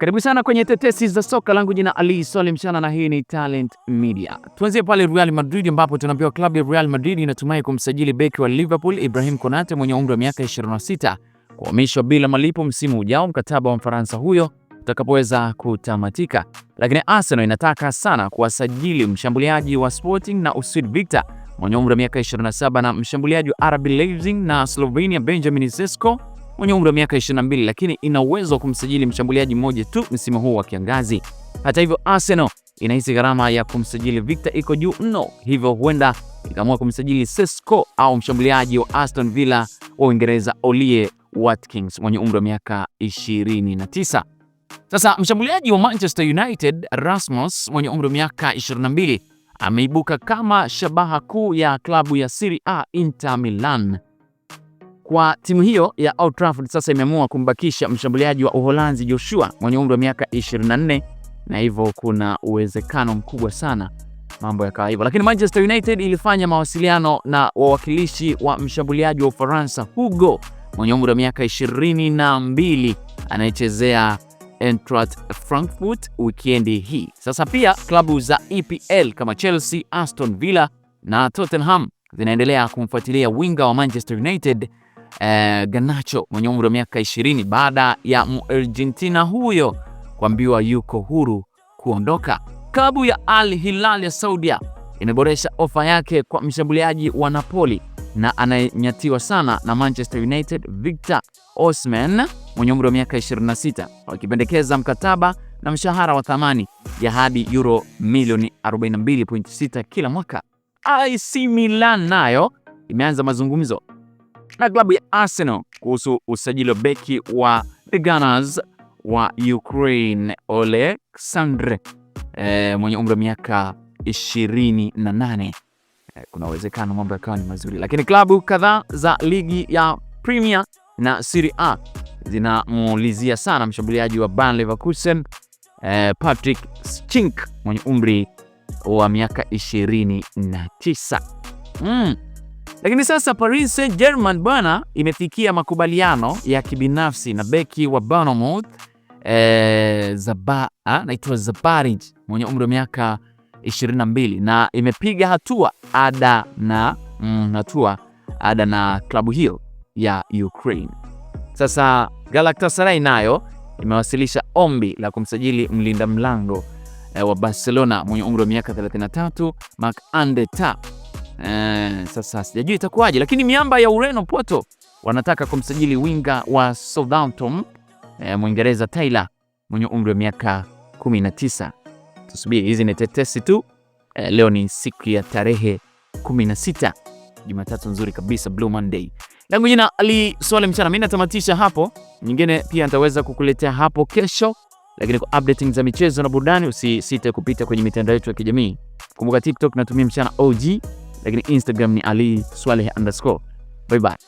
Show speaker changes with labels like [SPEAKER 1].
[SPEAKER 1] Karibu sana kwenye tetesi za soka langu, jina Ali soli Mchana na hii ni Talent Media. Tuanzie pale Real Madrid ambapo tunaambiwa klabu ya Real Madrid inatumai kumsajili beki wa Liverpool Ibrahim Konate mwenye umri wa miaka 26 kuhamishwa bila malipo msimu ujao, mkataba wa Mfaransa huyo utakapoweza kutamatika. Lakini Arsenal inataka sana kuwasajili mshambuliaji wa Sporting na Usud Victor mwenye umri wa miaka 27 na mshambuliaji wa RB Leipzig na Slovenia Benjamin Sesko mwenye umri wa miaka 22 lakini ina uwezo wa kumsajili mshambuliaji mmoja tu msimu huu wa kiangazi. Hata hivyo, Arsenal inahisi gharama ya kumsajili Victor iko juu mno, hivyo huenda ikaamua kumsajili Sesco au mshambuliaji wa Aston Villa wa Uingereza Ollie Watkins mwenye umri wa miaka 29. Sasa mshambuliaji wa Manchester United Rasmus mwenye umri wa miaka 22 ameibuka kama shabaha kuu ya klabu ya Serie A Inter Milan kwa timu hiyo ya Old Trafford sasa imeamua kumbakisha mshambuliaji wa Uholanzi Joshua mwenye umri wa miaka 24 na hivyo kuna uwezekano mkubwa sana mambo yakawa hivyo, lakini Manchester United ilifanya mawasiliano na wawakilishi wa mshambuliaji wa Ufaransa Hugo mwenye umri wa miaka 22 anayechezea Eintracht Frankfurt wikendi hii. Sasa pia klabu za EPL kama Chelsea, Aston Villa na Tottenham zinaendelea kumfuatilia winga wa Manchester United eh, Garnacho mwenye umri wa miaka 20 baada ya Argentina huyo kuambiwa yuko huru kuondoka. Klabu ya Al Hilal ya Saudia imeboresha ofa yake kwa mshambuliaji wa Napoli na anayenyatiwa sana na Manchester United Victor Osimhen mwenye umri wa miaka 26, wakipendekeza mkataba na mshahara wa thamani ya hadi euro milioni 42.6 kila mwaka. AC Milan nayo imeanza mazungumzo na klabu ya Arsenal kuhusu usajili wa beki wa The Gunners wa Ukraine Oleksandr e, mwenye umri wa miaka 28. E, eh, kuna uwezekano mambo yakawa ni mazuri, lakini klabu kadhaa za ligi ya Premier na Serie A zinamuulizia sana mshambuliaji wa Bayer Leverkusen e, Patrick Schick mwenye umri wa miaka 29. Mm. Lakini sasa Paris Saint-Germain bwana imefikia makubaliano ya kibinafsi na beki wa Bournemouth eh, Zaba, ah, anaitwa Zabarij mwenye umri wa miaka 22 na imepiga hatua ada na mm, hatua ada na klabu hiyo ya Ukraine. Sasa Galatasaray nayo imewasilisha ombi la kumsajili mlinda mlango eh, wa Barcelona mwenye umri wa miaka 33 Marc Ande Eh, sasa sijajui itakuwaje, lakini miamba ya Ureno Porto wanataka kumsajili winga wa Southampton eh, Mwingereza Taylor mwenye umri wa miaka 19. Tusubiri, hizi ni tetesi tu eh, leo ni siku ya tarehe 16, Jumatatu nzuri kabisa, Blue Monday. Langu jina Ali Swale Mchana, mimi natamatisha hapo, nyingine pia nitaweza kukuletea hapo kesho, lakini kwa updating za michezo na burudani usisite kupita kwenye mitandao yetu ya kijamii. Kumbuka TikTok natumia Mchana OG lakini Instagram ni ali swaleh underscore. Bye bye.